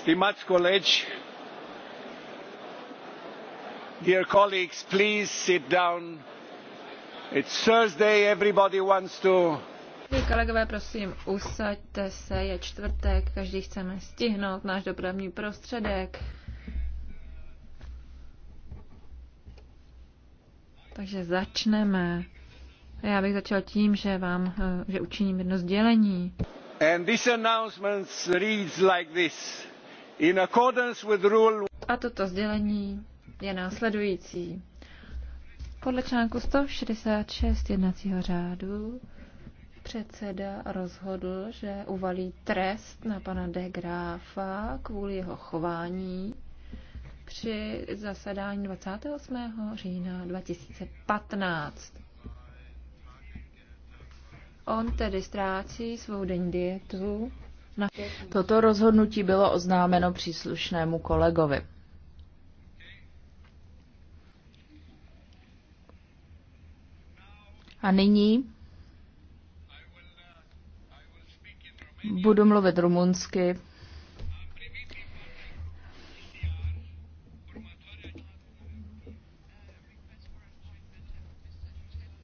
Stimați colegi, dear colleagues, please sit down. It's Thursday, everybody wants to Kolegové, prosím, usaďte se, je čtvrtek, každý chceme stihnout náš dopravní prostředek. Takže začneme. Já bych začal tím, že vám, eh, že učiním jedno sdělení. And this announcement reads like this. A toto sdělení je následující. Podle článku 166 jednacího řádu předseda rozhodl, že uvalí trest na pana de Gráfa kvůli jeho chování při zasedání 28. října 2015. On tedy ztrácí svou denní dietu Toto rozhodnutí bylo oznámeno příslušnému kolegovi. A nyní budu mluvit rumunsky.